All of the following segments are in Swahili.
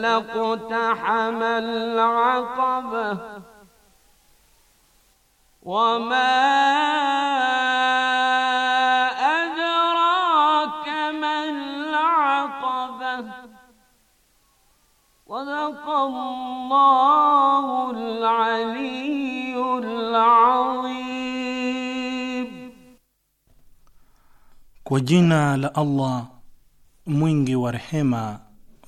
فلاقتحم العقبة وما أدراك ما العقبة صدق الله العلي العظيم وجينا لألله la allah mwingi wa rehema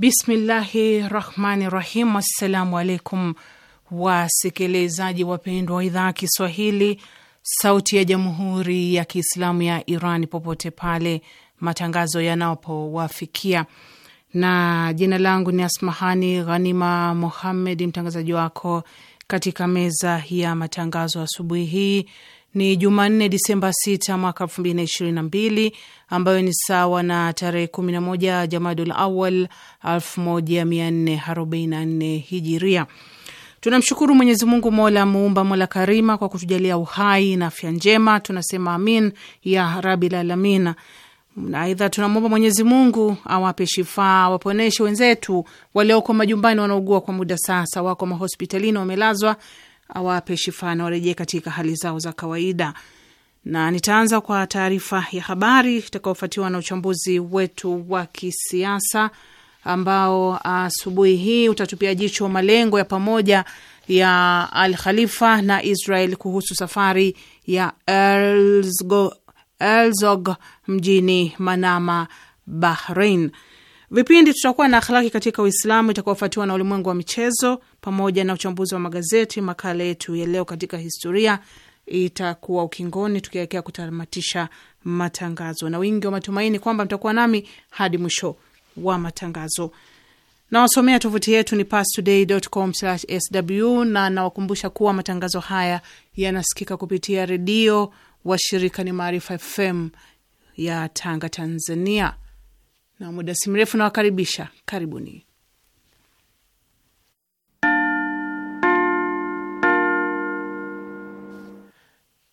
Bismillahi rahmani rahim. Assalamu alaikum wasikilizaji wapendwa wa idhaa Kiswahili sauti ya jamhuri ya Kiislamu ya Iran popote pale matangazo yanapowafikia, na jina langu ni Asmahani Ghanima Muhammed, mtangazaji wako katika meza ya matangazo asubuhi hii ni Jumanne, Disemba 6 mwaka 2022 ambayo ni sawa na tarehe 11 Jamadul Awal 1444 Hijiria. Tunamshukuru Mwenyezi Mungu mola muumba mola karima kwa kutujalia uhai na afya njema, tunasema amin ya rabil alamina. Aidha, tunamwomba Mwenyezi Mungu awape shifaa, awaponeshe wenzetu walioko majumbani wanaugua kwa muda sasa, wako mahospitalini wamelazwa awape na warejee katika hali zao za kawaida. Na nitaanza kwa taarifa ya habari itakayofuatiwa na uchambuzi wetu wa kisiasa ambao asubuhi hii utatupia jicho malengo ya pamoja ya Al Khalifa na Israel kuhusu safari ya elzog mjini Manama, Bahrain. Vipindi tutakuwa na akhlaki katika Uislamu itakaofuatiwa na ulimwengu wa michezo pamoja na uchambuzi wa magazeti. Makala yetu ya leo katika historia itakuwa ukingoni, tukielekea kutamatisha matangazo na wingi wa matumaini kwamba mtakuwa nami hadi mwisho wa matangazo. Nawasomea tovuti yetu ni pastoday.com/sw na nawakumbusha kuwa matangazo haya yanasikika kupitia redio washirika ni Maarifa FM ya Tanga, Tanzania na muda si mrefu nawakaribisha, karibuni.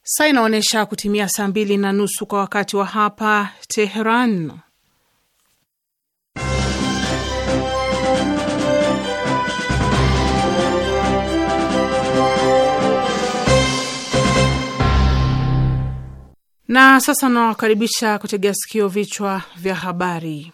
Saa inaonyesha kutimia saa mbili na nusu kwa wakati wa hapa Teheran. Na sasa nawakaribisha kutegea sikio vichwa vya habari.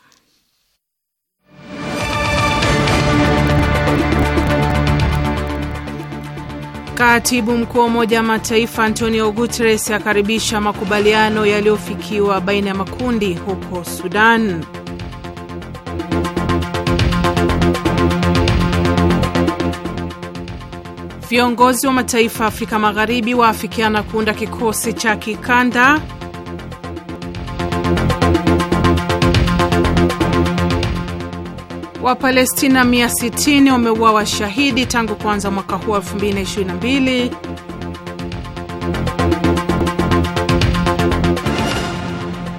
Katibu mkuu wa Umoja wa Mataifa Antonio Guterres akaribisha makubaliano yaliyofikiwa baina ya makundi huko Sudan. Viongozi wa mataifa Afrika Magharibi waafikiana kuunda kikosi cha kikanda Wapalestina 160 wameuawa shahidi tangu kuanza mwaka huu 2022.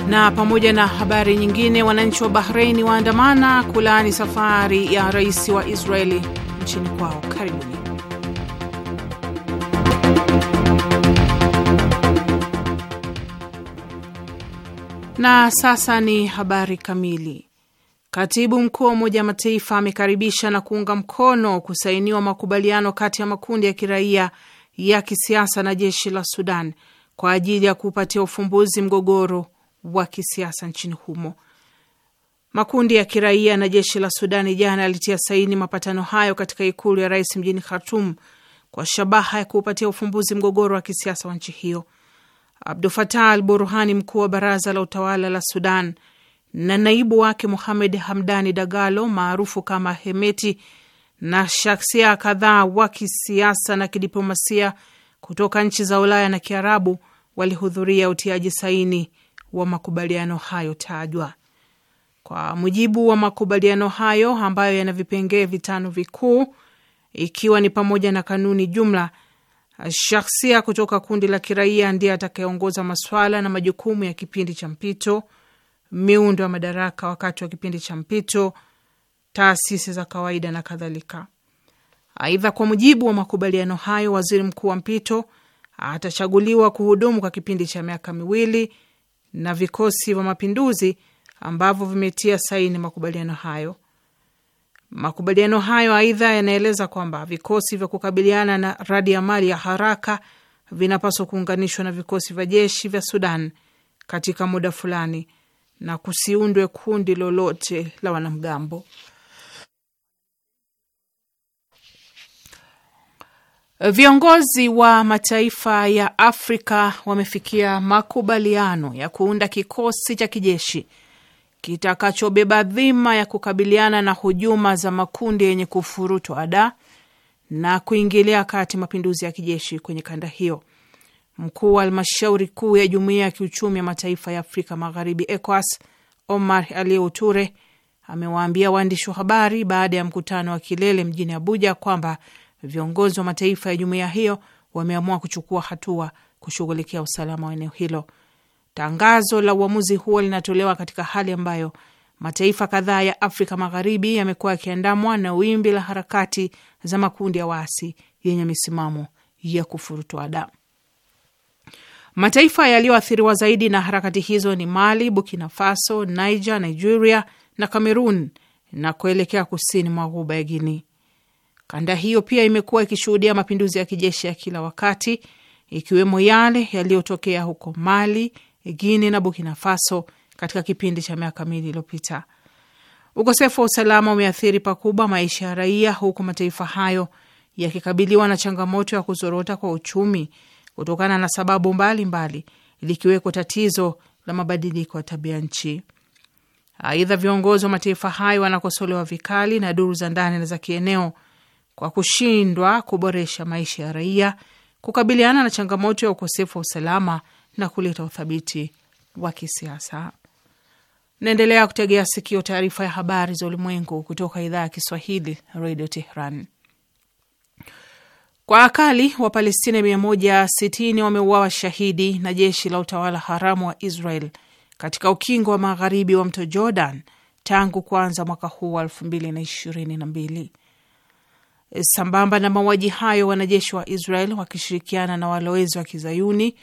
Na pamoja na habari nyingine, wananchi wa Bahreini waandamana kulaani safari ya rais wa Israeli nchini kwao. Karibuni. Na sasa ni habari kamili. Katibu mkuu wa Umoja wa Mataifa amekaribisha na kuunga mkono kusainiwa makubaliano kati ya makundi ya kiraia ya kisiasa na jeshi la Sudan kwa ajili ya kupatia ufumbuzi mgogoro wa kisiasa nchini humo. Makundi ya kiraia na jeshi la Sudani jana yalitia saini mapatano hayo katika ikulu ya rais mjini Khartum kwa shabaha ya kuupatia ufumbuzi mgogoro wa kisiasa wa nchi hiyo. Abdu Fatah al Burhani, mkuu wa baraza la utawala la Sudan, na naibu wake muhamed Hamdani Dagalo maarufu kama Hemeti na shaksia kadhaa wa kisiasa na kidiplomasia kutoka nchi za Ulaya na Kiarabu walihudhuria utiaji saini wa makubaliano hayo tajwa. Kwa mujibu wa makubaliano hayo ambayo yana vipengee vitano vikuu, ikiwa ni pamoja na kanuni jumla, shaksia kutoka kundi la kiraia ndiye atakayeongoza maswala na majukumu ya kipindi cha mpito miundo ya madaraka wakati wa kipindi cha mpito, taasisi za kawaida na kadhalika. Aidha, kwa mujibu wa makubaliano hayo, waziri mkuu wa mpito atachaguliwa kuhudumu kwa kipindi cha miaka miwili na vikosi vya mapinduzi ambavyo vimetia saini makubaliano hayo. Makubaliano hayo aidha yanaeleza kwamba vikosi vya kukabiliana na radi ya mali ya haraka vinapaswa kuunganishwa na vikosi vya jeshi vya Sudan katika muda fulani na kusiundwe kundi lolote la wanamgambo. Viongozi wa mataifa ya Afrika wamefikia makubaliano ya kuunda kikosi cha kijeshi kitakachobeba dhima ya kukabiliana na hujuma za makundi yenye kufurutwa ada na kuingilia kati mapinduzi ya kijeshi kwenye kanda hiyo. Mkuu wa halmashauri kuu ya jumuiya ya kiuchumi ya mataifa ya Afrika Magharibi, ECOWAS, Omar Ali Uture amewaambia waandishi wa habari baada ya mkutano wa kilele mjini Abuja kwamba viongozi wa mataifa ya jumuiya hiyo wameamua kuchukua hatua kushughulikia usalama wa eneo hilo. Tangazo la uamuzi huo linatolewa katika hali ambayo mataifa kadhaa ya Afrika Magharibi yamekuwa yakiandamwa na wimbi la harakati za makundi ya waasi yenye misimamo ya kufurutu Mataifa yaliyoathiriwa zaidi na harakati hizo ni Mali, Burkina Faso, Niger, Nigeria na Cameroon na kuelekea kusini mwa ghuba ya Guinea. Kanda hiyo pia imekuwa ikishuhudia mapinduzi ya kijeshi ya kila wakati, ikiwemo yale yaliyotokea huko Mali, Guinea na Burkina Faso katika kipindi cha miaka mingi iliyopita. Ukosefu wa usalama umeathiri pakubwa maisha ya raia, huku mataifa hayo yakikabiliwa na changamoto ya kuzorota kwa uchumi kutokana na sababu mbalimbali, likiweko tatizo la mabadiliko ya tabia nchi. Aidha, viongozi wa mataifa hayo wanakosolewa vikali na duru za ndani na za kieneo kwa kushindwa kuboresha maisha ya raia, kukabiliana na changamoto ya ukosefu wa usalama na kuleta uthabiti wa kisiasa. Naendelea kutegea sikio taarifa ya habari za ulimwengu kutoka idhaa ya Kiswahili, Radio Tehran. Kwa akali Wapalestina 160 wameuawa shahidi na jeshi la utawala haramu wa Israel katika ukingo wa magharibi wa mto Jordan tangu kuanza mwaka huu wa 2022. Sambamba na mauaji hayo, wanajeshi wa Israel wakishirikiana na walowezi wa kizayuni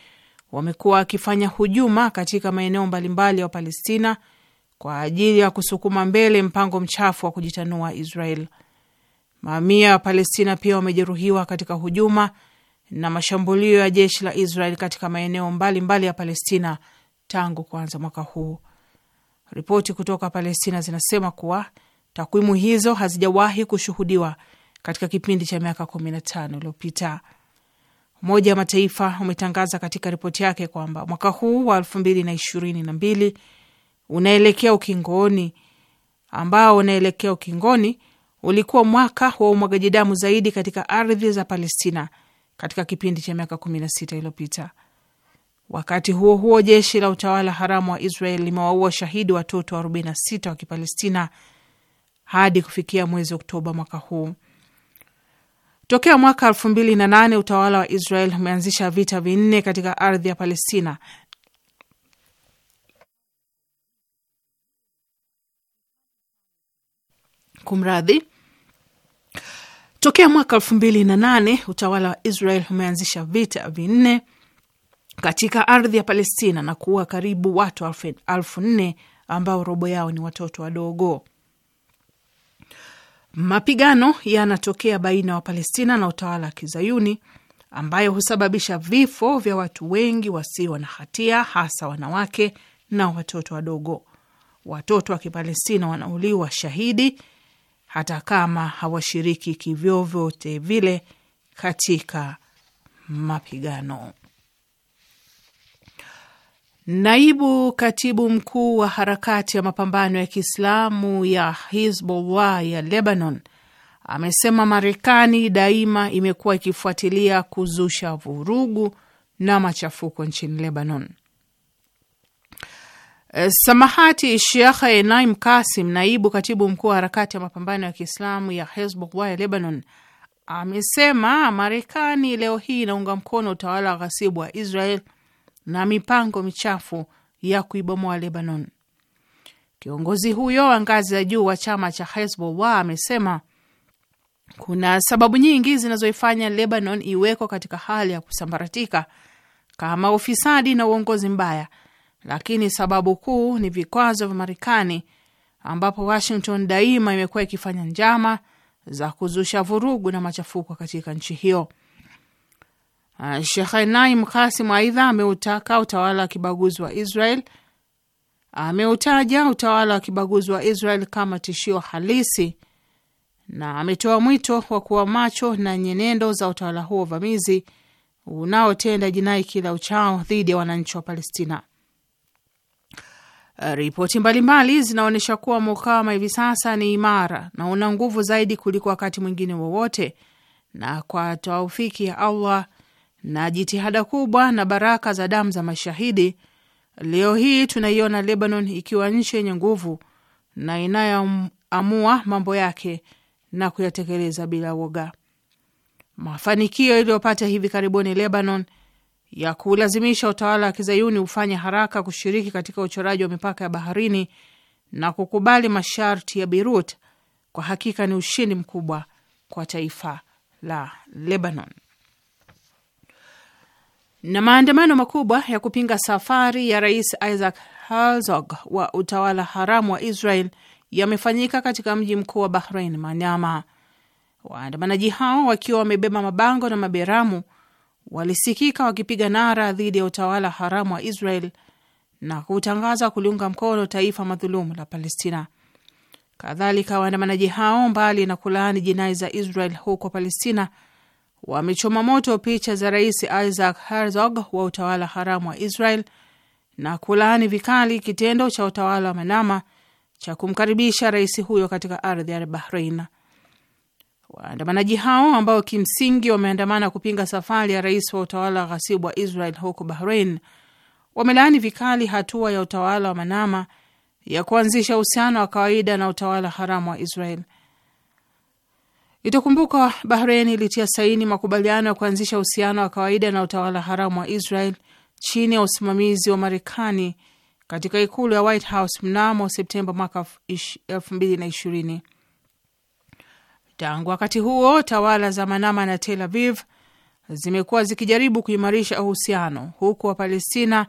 wamekuwa wakifanya hujuma katika maeneo mbalimbali ya Wapalestina kwa ajili ya kusukuma mbele mpango mchafu wa kujitanua Israel. Mamia wa Palestina pia wamejeruhiwa katika hujuma na mashambulio ya jeshi la Israel katika maeneo mbalimbali mbali ya Palestina tangu kuanza mwaka huu. Ripoti kutoka Palestina zinasema kuwa takwimu hizo hazijawahi kushuhudiwa katika kipindi cha miaka 15 iliyopita. Umoja wa Mataifa umetangaza katika ripoti yake kwamba mwaka huu wa 2022 unaelekea ukingoni, ambao unaelekea ukingoni ulikuwa mwaka wa umwagaji damu zaidi katika ardhi za Palestina katika kipindi cha miaka 16 iliyopita. Wakati huo huo, jeshi la utawala haramu wa Israel limewaua shahidi watoto 46 wa Kipalestina hadi kufikia mwezi Oktoba mwaka huu. Tokea mwaka 2008 utawala wa Israel umeanzisha vita vinne katika ardhi ya Palestina Kumradhi, tokea mwaka elfu mbili na nane utawala wa Israel umeanzisha vita vinne katika ardhi ya Palestina na kuua karibu watu elfu nne ambao robo yao ni watoto wadogo. Mapigano yanatokea baina ya Wapalestina na utawala wa Kizayuni ambayo husababisha vifo vya watu wengi wasio na hatia, hasa wanawake na watoto wadogo. Watoto wa Kipalestina wanauliwa shahidi hata kama hawashiriki kivyovyote vile katika mapigano. Naibu katibu mkuu wa harakati ya mapambano ya Kiislamu ya Hizbullah ya Lebanon amesema Marekani daima imekuwa ikifuatilia kuzusha vurugu na machafuko nchini Lebanon. Eh, samahati Shekhe Naim Kasim, naibu katibu mkuu wa harakati ya mapambano ya Kiislamu ya Hezbollah ya Lebanon, amesema Marekani leo hii inaunga mkono utawala wa ghasibu wa Israel na mipango michafu ya kuibomoa Lebanon. Kiongozi huyo wa ngazi za juu wa chama cha Hezbollah amesema kuna sababu nyingi zinazoifanya Lebanon iwekwa katika hali ya kusambaratika kama ufisadi na uongozi mbaya lakini sababu kuu ni vikwazo vya Marekani, ambapo Washington daima imekuwa ikifanya njama za kuzusha vurugu na machafuko katika nchi hiyo. Ah, Shekh Naim Kasim aidha ameutaka utawala wa kibaguzi wa Israel, ameutaja utawala wa kibaguzi wa Israel kama tishio halisi na ametoa mwito wa kuwa macho na nyenendo za utawala huo uvamizi unaotenda jinai kila uchao dhidi ya wananchi wa Palestina. Uh, ripoti mbalimbali zinaonyesha kuwa mukawama hivi sasa ni imara na una nguvu zaidi kuliko wakati mwingine wowote, na kwa taufiki ya Allah na jitihada kubwa na baraka za damu za mashahidi, leo hii tunaiona Lebanon ikiwa nchi yenye nguvu na inayoamua mambo yake na kuyatekeleza bila woga. Mafanikio iliyopata hivi karibuni Lebanon ya kulazimisha utawala wa kizayuni ufanye haraka kushiriki katika uchoraji wa mipaka ya baharini na kukubali masharti ya Beirut kwa hakika ni ushindi mkubwa kwa taifa la Lebanon. Na maandamano makubwa ya kupinga safari ya Rais Isaac Herzog wa utawala haramu wa Israel yamefanyika katika mji mkuu wa Bahrain, Manama. Waandamanaji hao wakiwa wamebeba mabango na maberamu walisikika wakipiga nara dhidi ya utawala haramu wa Israel na kutangaza kuliunga mkono taifa madhulumu la Palestina. Kadhalika, waandamanaji hao mbali na kulaani jinai za Israel huko Palestina, wamechoma moto picha za Rais Isaac Herzog wa utawala haramu wa Israel na kulaani vikali kitendo cha utawala wa Manama cha kumkaribisha rais huyo katika ardhi ya Bahrain. Waandamanaji hao ambao kimsingi wameandamana kupinga safari ya rais wa utawala wa ghasibu wa Israel huko Bahrain wamelaani vikali hatua ya utawala wa Manama ya kuanzisha uhusiano wa kawaida na utawala haramu wa Israel. Itakumbuka Bahrain ilitia saini makubaliano ya kuanzisha uhusiano wa kawaida na utawala haramu wa Israel chini ya usimamizi wa Marekani katika ikulu ya White House mnamo Septemba mwaka elfu mbili na ishirini. Tangu wakati huo tawala za Manama na Tel Aviv zimekuwa zikijaribu kuimarisha uhusiano, huku Wapalestina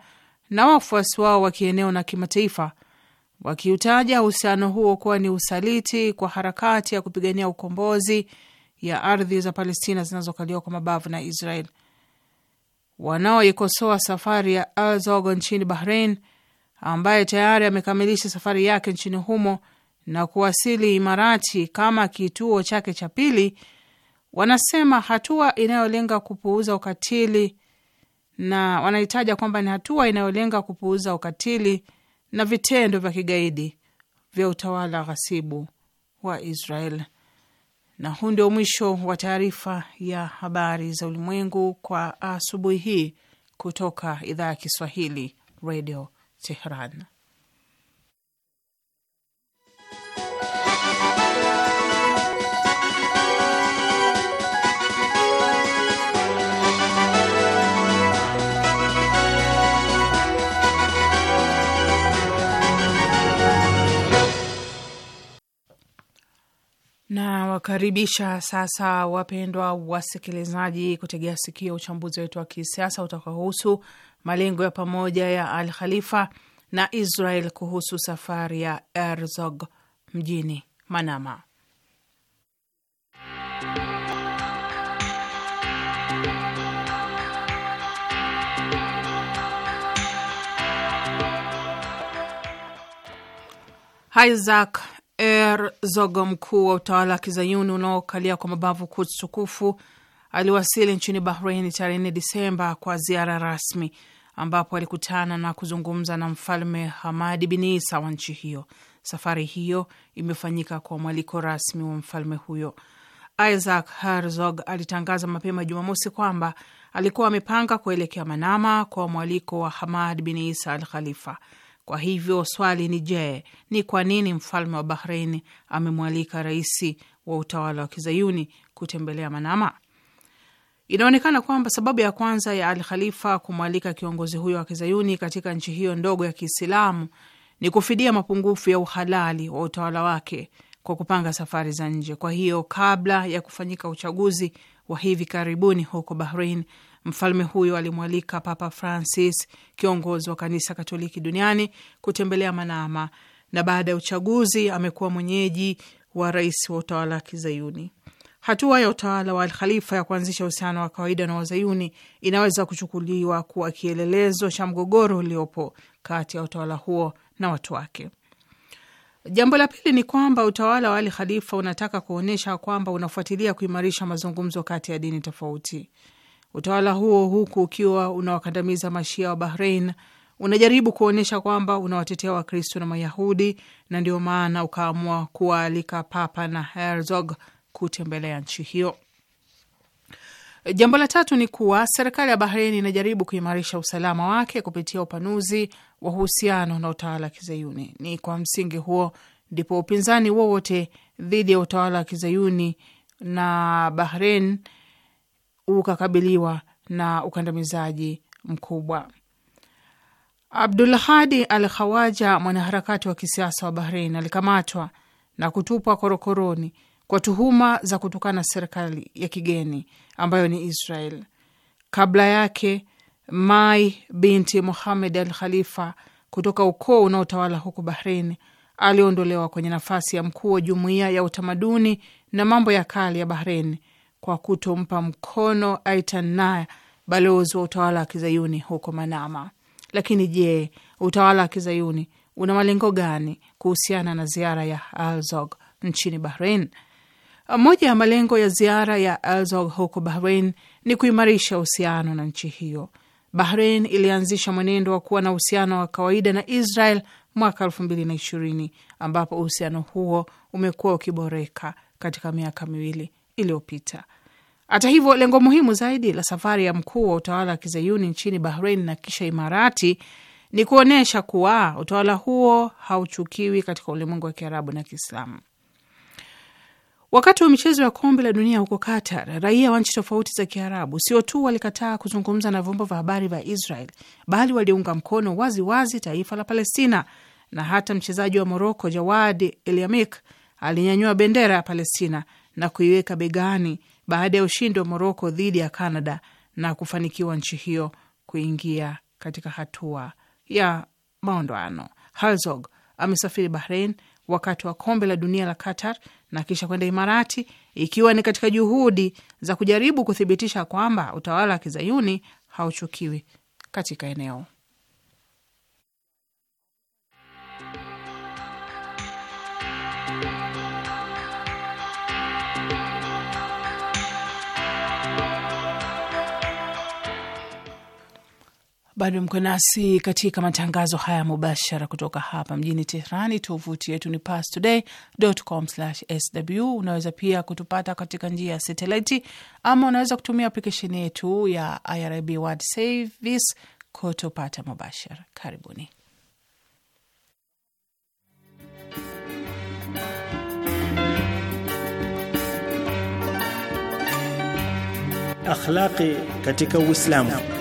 na wafuasi wao wa kieneo na kimataifa wakiutaja uhusiano huo kuwa ni usaliti kwa harakati ya kupigania ukombozi ya ardhi za Palestina zinazokaliwa kwa mabavu na Israel. Wanaoikosoa safari ya Herzog nchini Bahrain, ambaye tayari amekamilisha safari yake nchini humo na kuwasili Imarati kama kituo chake cha pili, wanasema hatua inayolenga kupuuza ukatili na wanahitaja kwamba ni hatua inayolenga kupuuza ukatili na vitendo vya kigaidi vya utawala ghasibu wa Israel. Na huu ndio mwisho wa taarifa ya habari za ulimwengu kwa asubuhi hii kutoka idhaa ya Kiswahili, Radio Tehran. na wakaribisha sasa wapendwa wasikilizaji kutegea sikio uchambuzi wetu wa kisiasa utakaohusu malengo ya pamoja ya Al Khalifa na Israel kuhusu safari ya Herzog mjini Manama. Isaac Herzog, mkuu wa utawala wa kizayuni unaokalia kwa mabavu Quds tukufu, aliwasili nchini Bahrain tarehe 4 Disemba kwa ziara rasmi, ambapo alikutana na kuzungumza na mfalme Hamadi bin Isa wa nchi hiyo. Safari hiyo imefanyika kwa mwaliko rasmi wa mfalme huyo. Isaac Herzog alitangaza mapema Jumamosi kwamba alikuwa amepanga kuelekea Manama kwa mwaliko wa Hamad bin Isa al Khalifa. Kwa hivyo swali ni je, ni kwa nini mfalme wa Bahrein amemwalika rais wa utawala wa kizayuni kutembelea Manama? Inaonekana kwamba sababu ya kwanza ya Al Khalifa kumwalika kiongozi huyo wa kizayuni katika nchi hiyo ndogo ya Kiislamu ni kufidia mapungufu ya uhalali wa utawala wake kwa kupanga safari za nje. Kwa hiyo kabla ya kufanyika uchaguzi wa hivi karibuni huko Bahrain, Mfalme huyo alimwalika Papa Francis, kiongozi wa kanisa Katoliki duniani, kutembelea Manama, na baada ya uchaguzi amekuwa mwenyeji wa rais wa utawala wa Kizayuni. Hatua ya utawala wa Alkhalifa ya kuanzisha uhusiano wa kawaida na Wazayuni inaweza kuchukuliwa kuwa kielelezo cha mgogoro uliopo kati ya utawala huo na watu wake. Jambo la pili ni kwamba utawala wa Alkhalifa unataka kuonyesha kwamba unafuatilia kuimarisha mazungumzo kati ya dini tofauti. Utawala huo huku ukiwa unawakandamiza mashia wa Bahrein unajaribu kuonyesha kwamba unawatetea Wakristo na Mayahudi, na ndio maana ukaamua kuwaalika Papa na Herzog kutembelea nchi hiyo. Jambo la tatu ni kuwa serikali ya Bahrein inajaribu kuimarisha usalama wake kupitia upanuzi wa uhusiano na utawala wa Kizayuni. Ni kwa msingi huo ndipo upinzani wowote dhidi ya utawala wa Kizayuni na Bahrein ukakabiliwa na ukandamizaji mkubwa. Abdul Hadi Al Khawaja, mwanaharakati wa kisiasa wa Bahrein, alikamatwa na kutupwa korokoroni kwa tuhuma za kutukana serikali ya kigeni ambayo ni Israel. Kabla yake, Mai binti Muhamed Al Khalifa kutoka ukoo unaotawala huku Bahrein aliondolewa kwenye nafasi ya mkuu wa jumuiya ya utamaduni na mambo ya kale ya Bahrein kwa kutompa mkono Aitan balozi wa utawala wa kizayuni huko Manama. Lakini je, utawala wa kizayuni una malengo gani kuhusiana na ziara ya Alzog nchini Bahrain? Moja ya malengo ya ziara ya Alzog huko Bahrain ni kuimarisha uhusiano na nchi hiyo. Bahrain ilianzisha mwenendo wa kuwa na uhusiano wa kawaida na Israel mwaka elfu mbili na ishirini ambapo uhusiano huo umekuwa ukiboreka katika miaka miwili iliyopita. Hata hivyo, lengo muhimu zaidi la safari ya mkuu wa utawala wa kizayuni nchini Bahrain na kisha Imarati ni kuonyesha kuwa utawala huo hauchukiwi katika ulimwengu wa kiarabu na Kiislamu. Wakati wa michezo ya kombe la dunia huko Qatar, raia wa nchi tofauti za kiarabu sio tu walikataa kuzungumza na vyombo vya habari vya Israel, bali waliunga mkono waziwazi wazi taifa la Palestina, na hata mchezaji wa Moroko Jawad Eliamik alinyanyua bendera ya Palestina na kuiweka begani baada ya ushindi wa Moroko dhidi ya Canada na kufanikiwa nchi hiyo kuingia katika hatua ya maondoano. Herzog amesafiri Bahrain wakati wa kombe la dunia la Qatar na kisha kwenda Imarati, ikiwa ni katika juhudi za kujaribu kuthibitisha kwamba utawala wa kizayuni hauchukiwi katika eneo. Bado mko nasi katika matangazo haya mubashara kutoka hapa mjini Tehrani. Tovuti yetu ni pastoday.com/sw. Unaweza pia kutupata katika njia ya sateliti ama unaweza kutumia aplikesheni yetu ya IRIB World Service kutupata mubashara. Karibuni. Akhlaqi katika Uislamu.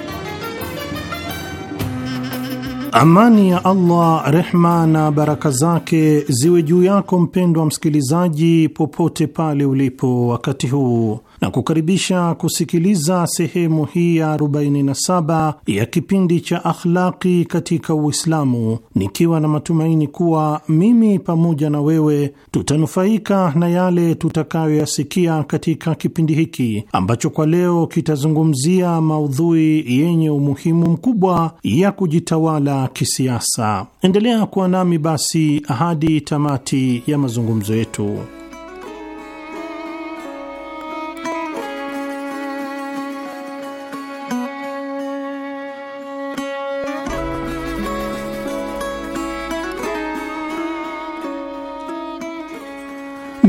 Amani ya Allah, rehma na baraka zake ziwe juu yako mpendwa msikilizaji, popote pale ulipo wakati huu na kukaribisha kusikiliza sehemu hii ya 47 ya kipindi cha Akhlaqi katika Uislamu, nikiwa na matumaini kuwa mimi pamoja na wewe tutanufaika na yale tutakayoyasikia katika kipindi hiki ambacho kwa leo kitazungumzia maudhui yenye umuhimu mkubwa ya kujitawala kisiasa. Endelea kuwa nami basi hadi tamati ya mazungumzo yetu.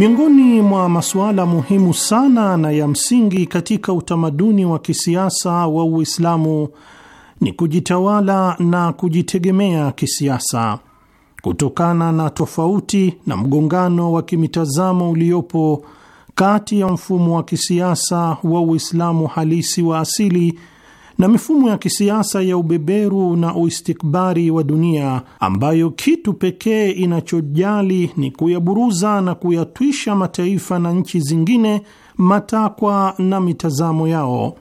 Miongoni mwa masuala muhimu sana na ya msingi katika utamaduni wa kisiasa wa Uislamu ni kujitawala na kujitegemea kisiasa. Kutokana na tofauti na mgongano wa kimitazamo uliopo kati ya mfumo wa kisiasa wa Uislamu halisi wa asili na mifumo ya kisiasa ya ubeberu na uistikbari wa dunia ambayo kitu pekee inachojali ni kuyaburuza na kuyatwisha mataifa na nchi zingine matakwa na mitazamo yao.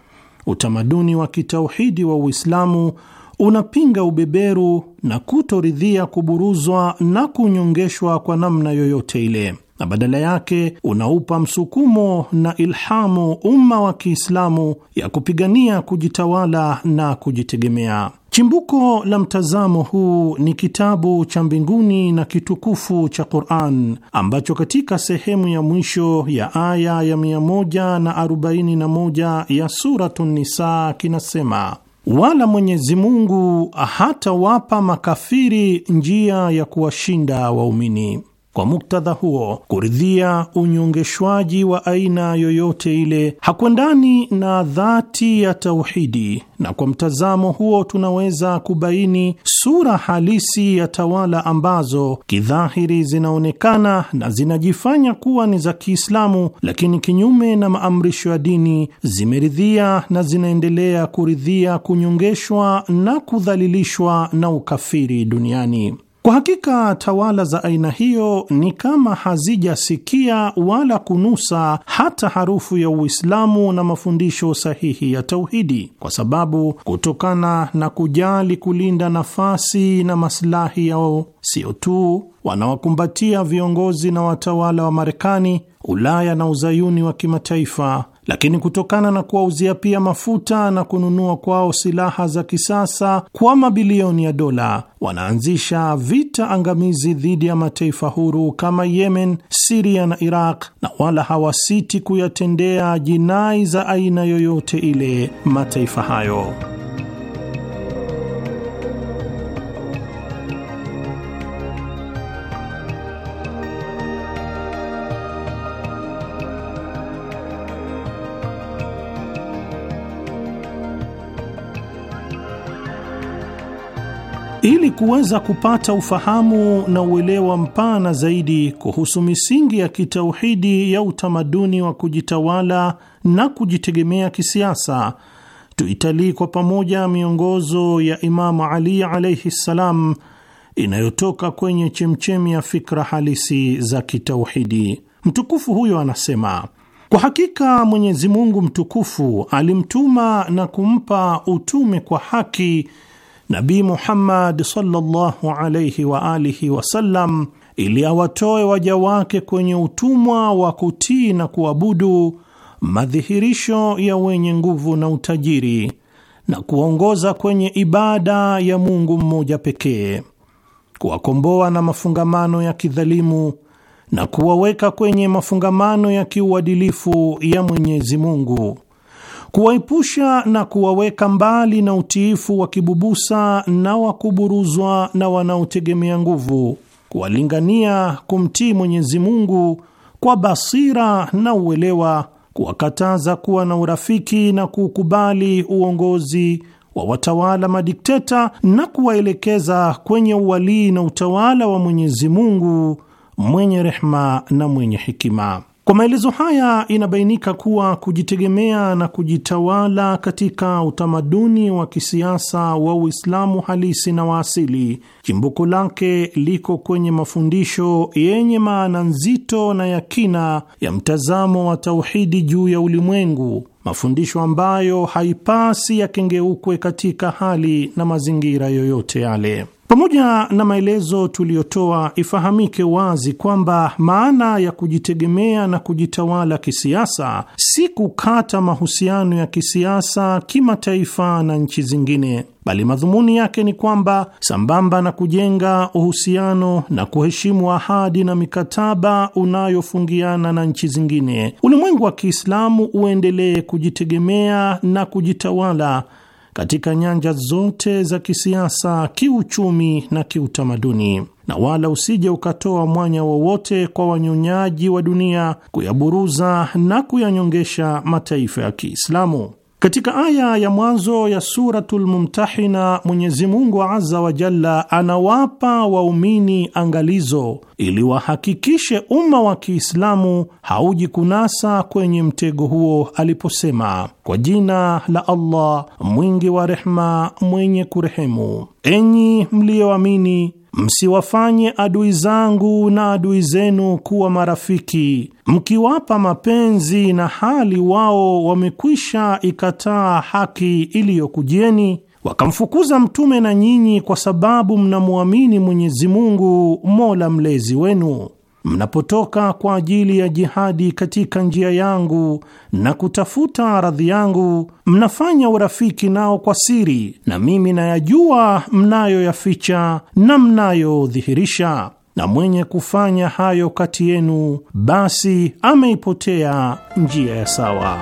Utamaduni wa kitauhidi wa Uislamu unapinga ubeberu na kutoridhia kuburuzwa na kunyongeshwa kwa namna yoyote ile na badala yake unaupa msukumo na ilhamu umma wa Kiislamu ya kupigania kujitawala na kujitegemea. Chimbuko la mtazamo huu ni kitabu cha mbinguni na kitukufu cha Qur'an ambacho katika sehemu ya mwisho ya aya ya 141 ya Suratu Nisa kinasema Wala Mwenyezi Mungu hatawapa makafiri njia ya kuwashinda waumini. Kwa muktadha huo, kuridhia unyongeshwaji wa aina yoyote ile hakwendani na dhati ya tauhidi, na kwa mtazamo huo tunaweza kubaini sura halisi ya tawala ambazo kidhahiri zinaonekana na zinajifanya kuwa ni za Kiislamu, lakini kinyume na maamrisho ya dini zimeridhia na zinaendelea kuridhia kunyongeshwa na kudhalilishwa na ukafiri duniani. Kwa hakika tawala za aina hiyo ni kama hazijasikia wala kunusa hata harufu ya Uislamu na mafundisho sahihi ya tauhidi, kwa sababu kutokana na kujali kulinda nafasi na maslahi yao, sio tu wanawakumbatia viongozi na watawala wa Marekani, Ulaya na uzayuni wa kimataifa lakini kutokana na kuwauzia pia mafuta na kununua kwao silaha za kisasa kwa mabilioni ya dola, wanaanzisha vita angamizi dhidi ya mataifa huru kama Yemen, Siria na Iraq, na wala hawasiti kuyatendea jinai za aina yoyote ile mataifa hayo. kuweza kupata ufahamu na uelewa mpana zaidi kuhusu misingi ya kitauhidi ya utamaduni wa kujitawala na kujitegemea kisiasa, tuitalii kwa pamoja miongozo ya Imamu Ali alaihi ssalam inayotoka kwenye chemchemi ya fikra halisi za kitauhidi. Mtukufu huyo anasema: kwa hakika Mwenyezi Mungu mtukufu alimtuma na kumpa utume kwa haki nabi Muhammad sallallahu alayhi wa alihi wasallam ili awatoe waja wake kwenye utumwa wa kutii na kuabudu madhihirisho ya wenye nguvu na utajiri na kuwaongoza kwenye ibada ya Mungu mmoja pekee, kuwakomboa na mafungamano ya kidhalimu na kuwaweka kwenye mafungamano ya kiuadilifu ya Mwenyezi Mungu kuwaepusha na kuwaweka mbali na utiifu wa kibubusa na wa kuburuzwa na wanaotegemea nguvu, kuwalingania kumtii Mwenyezi Mungu kwa basira na uelewa, kuwakataza kuwa na urafiki na kuukubali uongozi wa watawala madikteta na kuwaelekeza kwenye uwalii na utawala wa Mwenyezi Mungu mwenye rehma na mwenye hikima. Kwa maelezo haya inabainika kuwa kujitegemea na kujitawala katika utamaduni wa kisiasa wa Uislamu halisi na waasili chimbuko lake liko kwenye mafundisho yenye maana nzito na ya kina ya mtazamo wa tauhidi juu ya ulimwengu mafundisho ambayo haipasi yakengeukwe katika hali na mazingira yoyote yale. Pamoja na maelezo tuliyotoa, ifahamike wazi kwamba maana ya kujitegemea na kujitawala kisiasa si kukata mahusiano ya kisiasa kimataifa na nchi zingine, bali madhumuni yake ni kwamba sambamba na kujenga uhusiano na kuheshimu ahadi na mikataba unayofungiana na nchi zingine, ulimwengu wa Kiislamu uendelee kujitegemea na kujitawala katika nyanja zote za kisiasa, kiuchumi na kiutamaduni, na wala usije ukatoa mwanya wowote kwa wanyonyaji wa dunia kuyaburuza na kuyanyongesha mataifa ya Kiislamu. Katika aya ya mwanzo ya Suratul Mumtahina, Mwenyezi Mungu Azza wa Jalla anawapa waumini angalizo ili wahakikishe umma wa Kiislamu haujikunasa kwenye mtego huo aliposema: kwa jina la Allah mwingi wa rehma mwenye kurehemu, enyi mliyoamini Msiwafanye adui zangu na adui zenu kuwa marafiki, mkiwapa mapenzi na hali wao wamekwisha ikataa haki iliyokujieni, wakamfukuza mtume na nyinyi, kwa sababu mnamwamini Mwenyezi Mungu, Mola mlezi wenu mnapotoka kwa ajili ya jihadi katika njia yangu na kutafuta radhi yangu, mnafanya urafiki nao kwa siri, na mimi nayajua mnayoyaficha na mnayodhihirisha. Na mwenye kufanya hayo kati yenu, basi ameipotea njia ya sawa.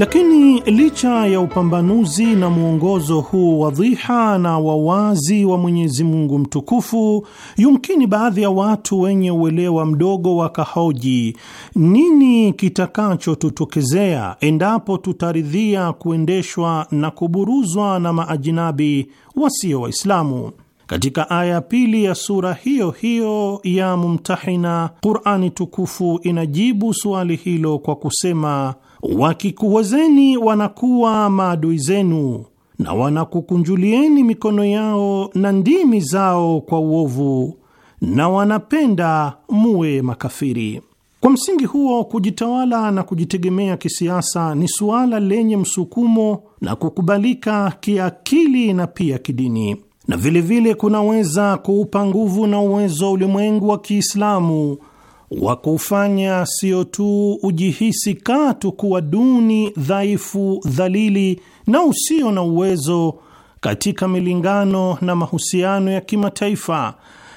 Lakini licha ya upambanuzi na mwongozo huu wadhiha na wawazi wa Mwenyezi Mungu mtukufu, yumkini baadhi ya watu wenye uelewa mdogo wakahoji, nini kitakachotutokezea endapo tutaridhia kuendeshwa na kuburuzwa na maajinabi wasio Waislamu? Katika aya pili ya sura hiyo hiyo ya Mumtahina, Qurani tukufu inajibu suali hilo kwa kusema wakikuwezeni wanakuwa maadui zenu na wanakukunjulieni mikono yao na ndimi zao kwa uovu na wanapenda muwe makafiri. Kwa msingi huo, kujitawala na kujitegemea kisiasa ni suala lenye msukumo na kukubalika kiakili na pia kidini, na vilevile kunaweza kuupa nguvu na uwezo ulimwengu wa Kiislamu wa kufanya sio tu ujihisi katu kuwa duni, dhaifu, dhalili na usio na uwezo katika milingano na mahusiano ya kimataifa,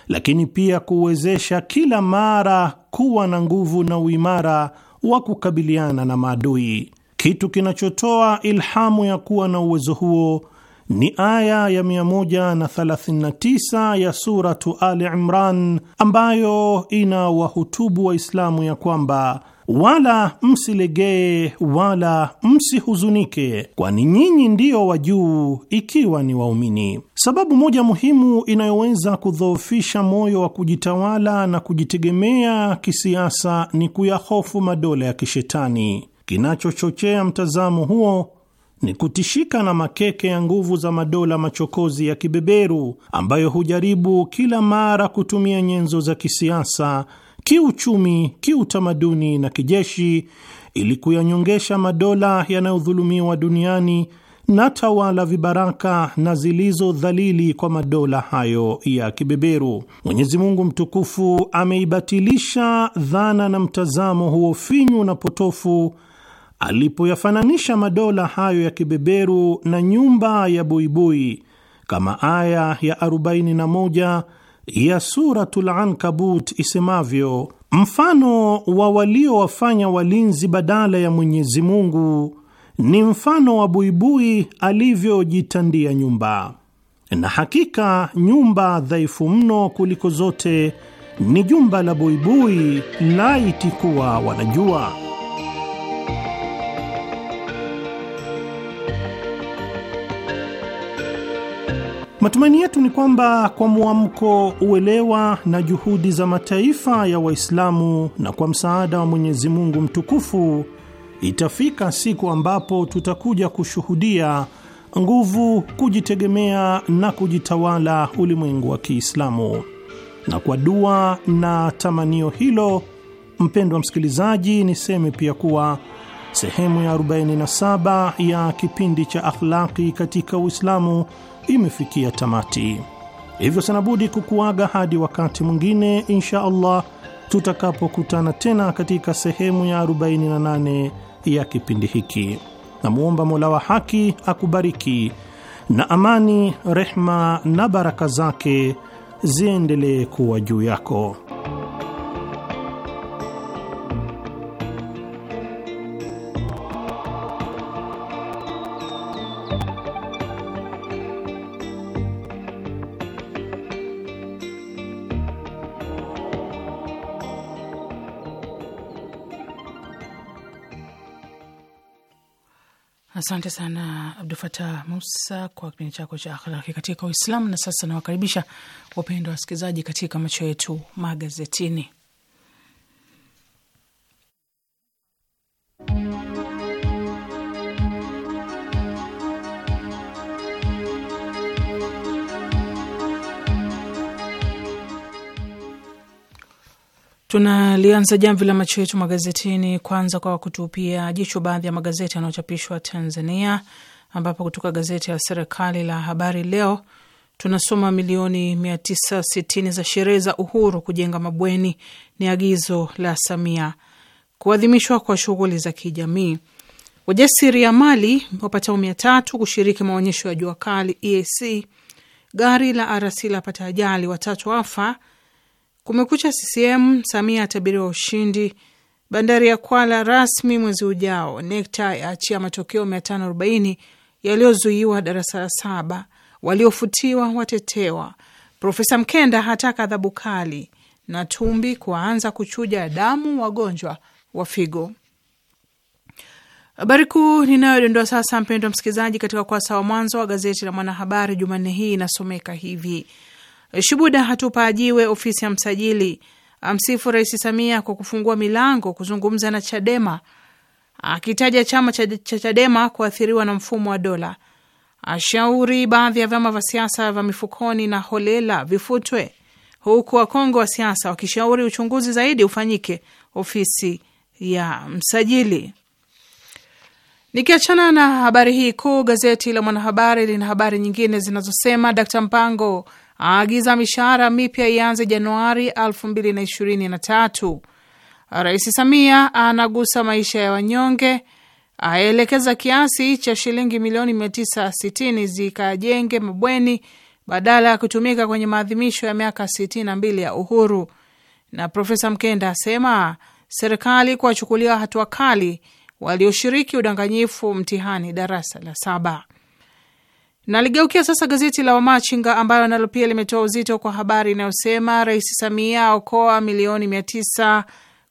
lakini pia kuwezesha kila mara kuwa na nguvu na uimara wa kukabiliana na maadui, kitu kinachotoa ilhamu ya kuwa na uwezo huo ni aya ya 139 ya suratu Ali Imran ambayo ina wahutubu Waislamu ya kwamba wala msilegee wala msihuzunike, kwani nyinyi ndiyo wa juu ikiwa ni waumini. Sababu moja muhimu inayoweza kudhoofisha moyo wa kujitawala na kujitegemea kisiasa ni kuyahofu madola ya kishetani. Kinachochochea mtazamo huo ni kutishika na makeke ya nguvu za madola machokozi ya kibeberu ambayo hujaribu kila mara kutumia nyenzo za kisiasa, kiuchumi, kiutamaduni na kijeshi ili kuyanyongesha madola yanayodhulumiwa duniani na tawala vibaraka na zilizo dhalili kwa madola hayo ya kibeberu. Mwenyezi Mungu mtukufu ameibatilisha dhana na mtazamo huo finyu na potofu alipoyafananisha madola hayo ya kibeberu na nyumba ya buibui kama aya ya 41 ya Suratul Ankabut isemavyo, mfano wa waliowafanya walinzi badala ya Mwenyezi Mungu ni mfano wa buibui alivyojitandia nyumba, na hakika nyumba dhaifu mno kuliko zote ni jumba la buibui, laiti kuwa wanajua. Matumaini yetu ni kwamba kwa mwamko, uelewa na juhudi za mataifa ya Waislamu na kwa msaada wa Mwenyezi Mungu mtukufu itafika siku ambapo tutakuja kushuhudia nguvu, kujitegemea na kujitawala ulimwengu wa Kiislamu. Na kwa dua na tamanio hilo, mpendwa msikilizaji, niseme pia kuwa sehemu ya 47 ya kipindi cha Akhlaqi katika Uislamu imefikia tamati, hivyo sina budi kukuaga hadi wakati mwingine insha Allah tutakapokutana tena katika sehemu ya 48 ya kipindi hiki. Namwomba Mola wa haki akubariki na amani, rehma na baraka zake ziendelee kuwa juu yako. Asante sana Abdul Fatah Musa kwa kipindi chako cha akhlaki katika Uislamu. Na sasa nawakaribisha wapendwa wasikilizaji katika macho yetu magazetini. Tunalianza jamvi la macho yetu magazetini kwanza kwa kutupia jicho baadhi ya magazeti yanayochapishwa Tanzania, ambapo kutoka gazeti la serikali la Habari Leo tunasoma milioni 960 za sherehe za uhuru kujenga mabweni ni agizo la Samia, kuadhimishwa kwa shughuli za kijamii, wajasiriamali wapatao mia tatu kushiriki maonyesho ya jua kali EAC, gari la RC lapata ajali watatu wafa Kumekucha CCM, Samia atabiriwa ushindi. Bandari ya Kwala rasmi mwezi ujao. NECTA yaachia matokeo 540 yaliyozuiwa darasa la saba, waliofutiwa watetewa. Profesa Mkenda hataka adhabu kali, na tumbi kuanza kuchuja damu wagonjwa wa figo. Habari kuu ninayodondoa sasa, mpendwa msikilizaji, katika ukurasa wa mwanzo wa gazeti la Mwanahabari Jumanne hii inasomeka hivi: Shubuda hatupa ajiwe ofisi ya msajili amsifu Rais Samia kwa kufungua milango kuzungumza na Chadema, akitaja chama cha Chadema kuathiriwa na mfumo wa dola. Ashauri baadhi ya vyama vya siasa vya mifukoni na holela vifutwe, huku wakongo wa siasa wakishauri uchunguzi zaidi ufanyike ofisi ya msajili. Nikiachana na habari hii kuu, gazeti la Mwanahabari lina habari nyingine zinazosema Dkt Mpango aagiza mishahara mipya ianze Januari 2023. Rais Samia anagusa maisha ya wanyonge, aelekeza kiasi cha shilingi milioni 960 zikajenge mabweni badala ya kutumika kwenye maadhimisho ya miaka 62 ya uhuru. Na Profesa Mkenda asema serikali kuwachukulia hatua kali walioshiriki udanganyifu mtihani darasa la saba. Naligeukia sasa gazeti la Wamachinga ambayo nalo pia limetoa uzito kwa habari inayosema Rais Samia aokoa milioni mia tisa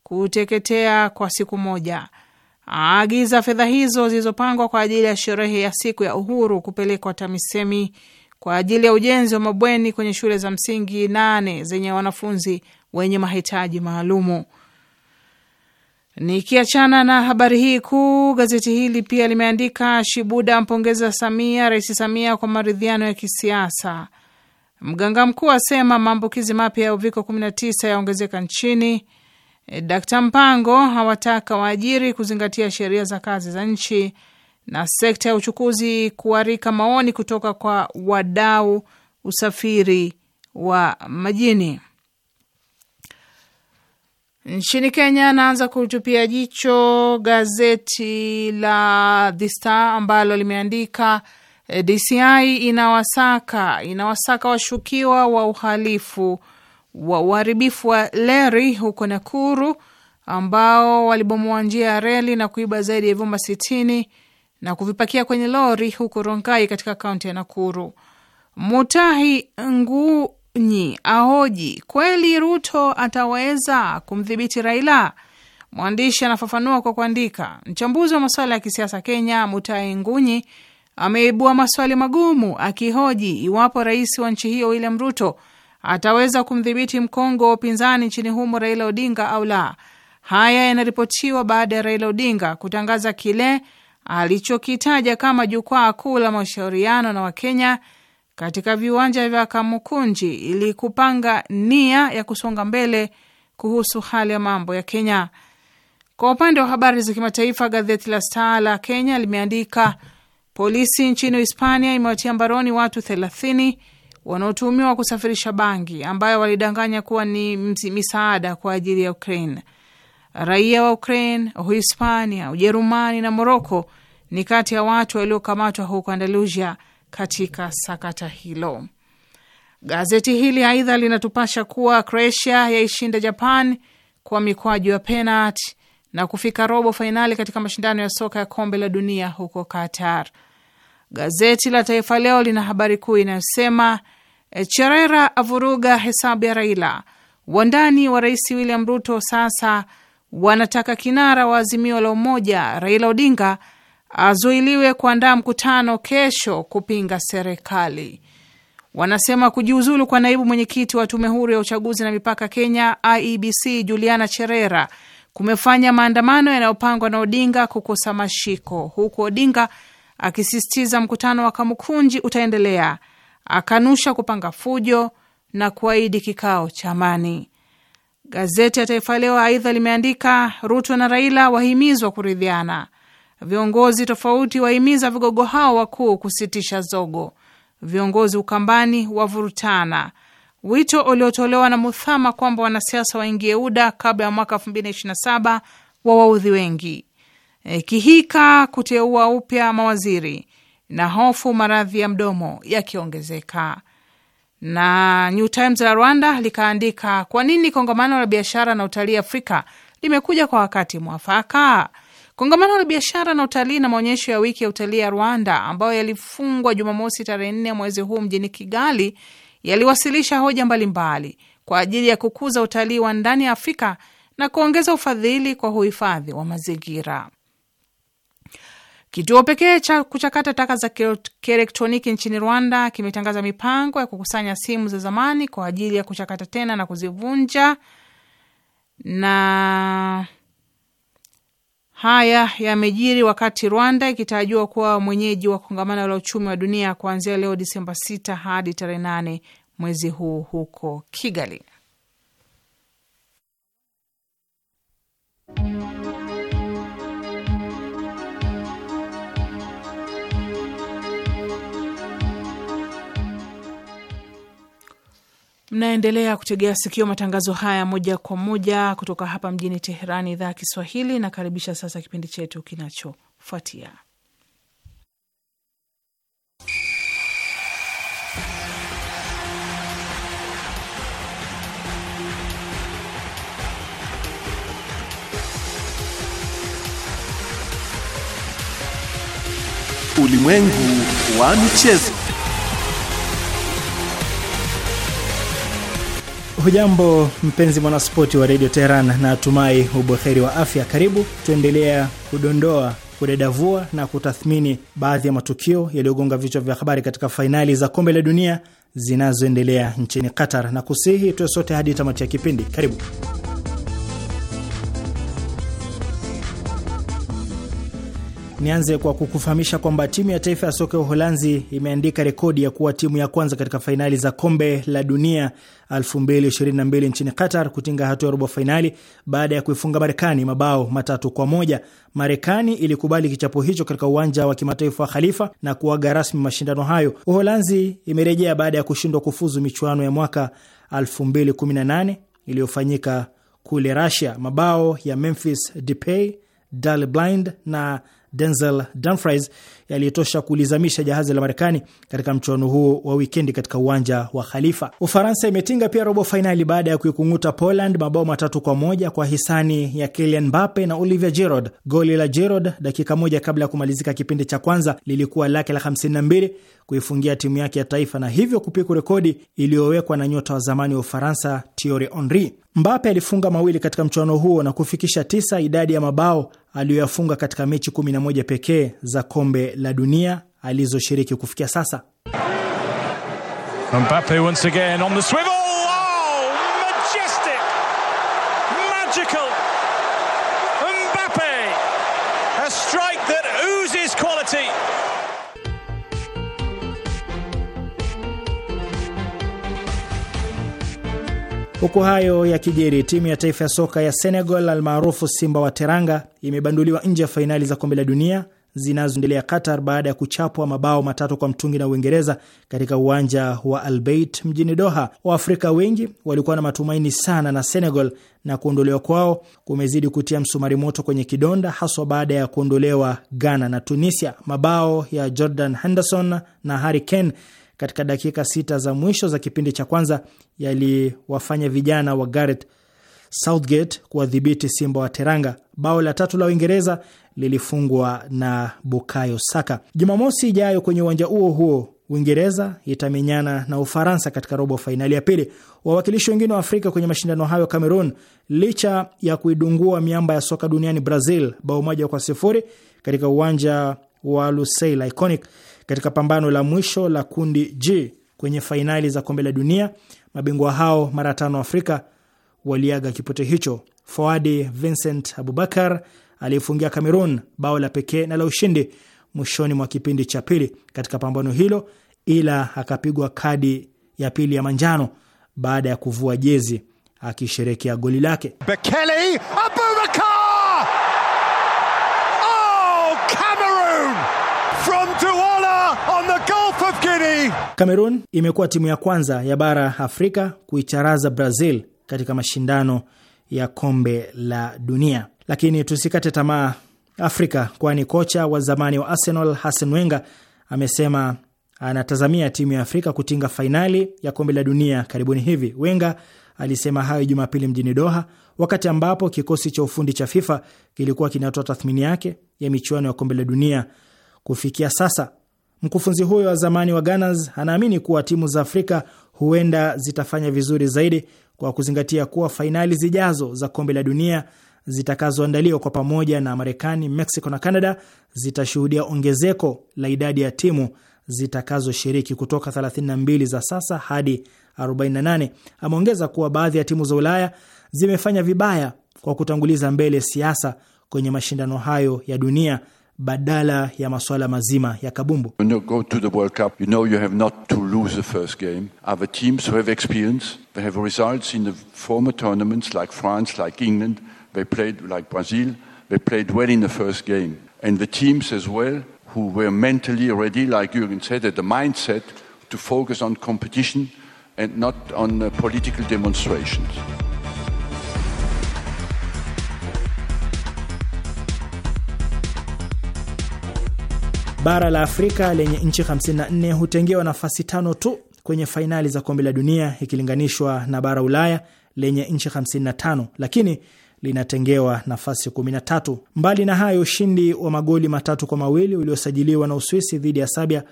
kuteketea kwa siku moja, aagiza fedha hizo zilizopangwa kwa ajili ya sherehe ya siku ya uhuru kupelekwa TAMISEMI kwa ajili ya ujenzi wa mabweni kwenye shule za msingi nane zenye wanafunzi wenye mahitaji maalumu. Nikiachana na habari hii kuu, gazeti hili pia limeandika Shibuda ampongeza Samia, Rais Samia kwa maridhiano ya kisiasa. Mganga mkuu asema maambukizi mapya ya uviko 19 yaongezeka nchini. E, Dkt Mpango hawataka waajiri kuzingatia sheria za kazi za nchi, na sekta ya uchukuzi kuarika maoni kutoka kwa wadau usafiri wa majini. Nchini Kenya anaanza kutupia jicho gazeti la The Star ambalo limeandika eh, DCI inawasaka inawasaka washukiwa wa uhalifu wa uharibifu wa leri huko Nakuru ambao walibomoa njia ya reli na kuiba zaidi ya vyumba sitini na kuvipakia kwenye lori huko Rongai katika kaunti ya Nakuru. Mutahi nguu ni ahoji kweli Ruto ataweza kumdhibiti Raila? Mwandishi anafafanua kwa kuandika. Mchambuzi wa masuala ya kisiasa Kenya, Mutai Ngunyi, ameibua maswali magumu akihoji iwapo rais wa nchi hiyo William Ruto ataweza kumdhibiti mkongo wa upinzani nchini humo Raila Odinga au la. Haya yanaripotiwa baada ya Raila Odinga kutangaza kile alichokitaja kama jukwaa kuu la mashauriano na Wakenya katika viwanja vya Kamukunji ili kupanga nia ya kusonga mbele kuhusu hali ya mambo ya Kenya. Kwa upande wa habari za kimataifa, gazeti la Star la Kenya limeandika polisi nchini Hispania imewatia mbaroni watu 30 wanaotuhumiwa kusafirisha bangi ambayo walidanganya kuwa ni misaada kwa ajili ya Ukraine. Raia wa Ukraine, Uhispania, Ujerumani na Moroko ni kati ya watu waliokamatwa huko Andalusia katika sakata hilo. Gazeti hili aidha linatupasha kuwa Croatia yaishinda Japan kwa mikwaju ya penalti na kufika robo fainali katika mashindano ya soka ya kombe la dunia huko Qatar. Gazeti la Taifa Leo lina habari kuu inayosema eh, Cherera avuruga hesabu ya Raila. Wandani wa Rais William Ruto sasa wanataka kinara wa Azimio la Umoja Raila Odinga azuiliwe kuandaa mkutano kesho kupinga serikali. Wanasema kujiuzulu kwa naibu mwenyekiti wa tume huru ya uchaguzi na mipaka Kenya IEBC Juliana Cherera kumefanya maandamano yanayopangwa na Odinga kukosa mashiko, huku Odinga akisisitiza mkutano wa Kamukunji utaendelea, akanusha kupanga fujo na kuahidi kikao cha amani. Gazeti ya Taifa Leo aidha limeandika Ruto na Raila wahimizwa kuridhiana, Viongozi tofauti wahimiza vigogo hao wakuu kusitisha zogo. Viongozi ukambani wavurutana. Wito uliotolewa na Muthama kwamba wanasiasa waingie UDA kabla ya mwaka 2027 wa waudhi wengi. E, Kihika kuteua upya mawaziri na hofu maradhi ya mdomo yakiongezeka. Na New Times la Rwanda likaandika kwa nini kongamano la biashara na utalii Afrika limekuja kwa wakati mwafaka? Kongamano la biashara na utalii na maonyesho ya wiki ya utalii ya Rwanda ambayo yalifungwa Jumamosi tarehe nne mwezi huu mjini Kigali yaliwasilisha hoja mbalimbali mbali kwa ajili ya kukuza utalii wa ndani ya Afrika na kuongeza ufadhili kwa uhifadhi wa mazingira. Kituo pekee cha kuchakata taka za kielektroniki nchini Rwanda kimetangaza mipango ya kukusanya simu za zamani kwa ajili ya kuchakata tena na kuzivunja na Haya yamejiri wakati Rwanda ikitarajiwa kuwa mwenyeji wa kongamano la uchumi wa dunia kuanzia leo Disemba 6 hadi tarehe 8 mwezi huu huko Kigali. Mnaendelea kutegea sikio matangazo haya moja kwa moja kutoka hapa mjini Teherani, idhaa ya Kiswahili. Nakaribisha sasa kipindi chetu kinachofuatia Ulimwengu wa Michezo. Hujambo mpenzi mwanaspoti wa redio Teheran na atumai uboheri wa afya. Karibu tuendelea kudondoa, kudadavua na kutathmini baadhi ya matukio yaliyogonga vichwa vya habari katika fainali za kombe la dunia zinazoendelea nchini Qatar, na kusihi tuwe sote hadi tamati ya kipindi. Karibu. Nianze kwa kukufahamisha kwamba timu ya taifa ya soka ya Uholanzi imeandika rekodi ya kuwa timu ya kwanza katika fainali za kombe la dunia 2022 nchini Qatar kutinga hatua ya robo fainali baada ya kuifunga Marekani mabao matatu kwa moja. Marekani ilikubali kichapo hicho katika uwanja wa kimataifa wa Khalifa na kuaga rasmi mashindano hayo. Uholanzi imerejea baada ya kushindwa kufuzu michuano ya mwaka 2018 iliyofanyika kule rusia Mabao ya Memphis Depay, Daley Blind na Denzel Dumfries yaliyotosha kulizamisha jahazi la Marekani katika mchuano huo wa wikendi katika uwanja wa Khalifa. Ufaransa imetinga pia robo fainali baada ya kuikung'uta Poland mabao matatu kwa moja kwa hisani ya Kylian Mbappe na Olivier Giroud. Goli la Giroud dakika moja kabla ya kumalizika kipindi cha kwanza lilikuwa lake la 52 kuifungia timu yake ya taifa na hivyo kupiku rekodi iliyowekwa na nyota wa zamani wa Ufaransa Thierry Henry. Mbape alifunga mawili katika mchuano huo na kufikisha tisa idadi ya mabao aliyoyafunga katika mechi 11 pekee za kombe la dunia alizoshiriki kufikia sasa. Mbappe once again on the swivel. Huku hayo ya kijeri, timu ya taifa ya soka ya Senegal almaarufu Simba wa Teranga imebanduliwa nje ya fainali za kombe la dunia zinazoendelea Qatar baada ya kuchapwa mabao matatu kwa mtungi na Uingereza katika uwanja wa albeit mjini Doha. Waafrika wengi walikuwa na matumaini sana na Senegal na kuondolewa kwao kumezidi kutia msumari moto kwenye kidonda, haswa baada ya kuondolewa Ghana na Tunisia. Mabao ya Jordan Henderson na Harry Kane katika dakika sita za mwisho za kipindi cha kwanza yaliwafanya vijana wa Gareth Southgate kuwadhibiti Simba wa Teranga. Bao la tatu la Uingereza lilifungwa na Bukayo Saka. Jumamosi ijayo kwenye uwanja huo huo Uingereza itamenyana na Ufaransa katika robo fainali ya pili. Wawakilishi wengine wa Afrika kwenye mashindano hayo, Cameroon, licha ya kuidungua miamba ya soka duniani Brazil bao moja kwa sifuri katika uwanja wa Lusail Iconic katika pambano la mwisho la kundi G kwenye fainali za kombe la dunia. Mabingwa hao mara tano Afrika waliaga kipote hicho. Fawadi Vincent Abubakar aliyefungia Cameroon bao la pekee na la ushindi mwishoni mwa kipindi cha pili katika pambano hilo, ila akapigwa kadi ya pili ya manjano baada ya kuvua jezi akisherekea goli lake Bekele Abubakar. Cameroon imekuwa timu ya kwanza ya bara Afrika kuicharaza Brazil katika mashindano ya kombe la dunia. Lakini tusikate tamaa Afrika, kwani kocha wa zamani wa Arsenal Hassan Wenger amesema anatazamia timu ya Afrika kutinga fainali ya kombe la dunia karibuni hivi. Wenger alisema hayo Jumapili mjini Doha, wakati ambapo kikosi cha ufundi cha FIFA kilikuwa kinatoa tathmini yake ya michuano ya kombe la dunia kufikia sasa. Mkufunzi huyo wa zamani wa Gunners anaamini kuwa timu za Afrika huenda zitafanya vizuri zaidi kwa kuzingatia kuwa fainali zijazo za kombe la dunia zitakazoandaliwa kwa pamoja na Marekani, Mexico na Canada zitashuhudia ongezeko la idadi ya timu zitakazoshiriki kutoka 32 za sasa hadi 48. Ameongeza kuwa baadhi ya timu za Ulaya zimefanya vibaya kwa kutanguliza mbele siasa kwenye mashindano hayo ya dunia badala ya masuala mazima ya kabumbu. When you go to the World Cup, you know you have not to lose the first game. Other teams who have experience, they have results in the former tournaments like France, like England, they played like Brazil, they played well in the first game. And the teams as well who were mentally ready, like Jürgen said, had the mindset to focus on competition and not on uh, political demonstrations. Bara la Afrika lenye nchi 54 hutengewa nafasi tano tu kwenye fainali za kombe la dunia ikilinganishwa na bara Ulaya lenye nchi 55 lakini linatengewa nafasi 13. Mbali na hayo, ushindi wa magoli matatu kwa mawili uliosajiliwa na Uswisi dhidi ya Sabia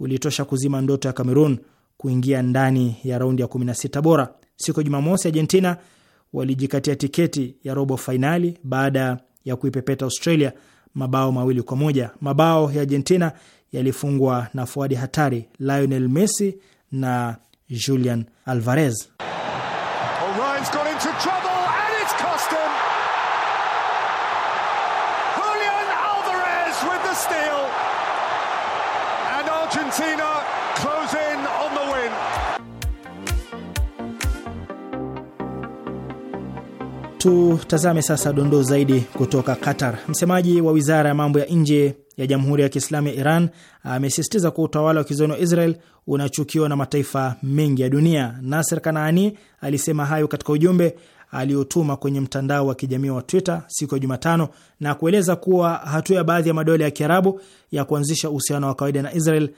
ulitosha kuzima ndoto ya cameron kuingia ndani ya raundi ya 16 bora. Siku ya Jumamosi, Argentina walijikatia tiketi ya robo fainali baada ya kuipepeta Australia mabao mawili kwa moja. Mabao ya Argentina yalifungwa na fuadi hatari Lionel Messi na Julian Alvarez. Julian Alvarez with the steal. And Argentina Tutazame sasa dondoo zaidi kutoka Qatar. Msemaji wa wizara ya mambo ya nje ya Jamhuri ya Kiislamu ya Iran amesisitiza kuwa utawala wa kizayuni wa Israel unachukiwa na mataifa mengi ya dunia. Nasser Kanaani alisema hayo katika ujumbe aliotuma kwenye mtandao wa kijamii wa Twitter siku ya Jumatano na kueleza kuwa hatua ya baadhi ya madola ya Kiarabu ya kuanzisha uhusiano wa kawaida na Israel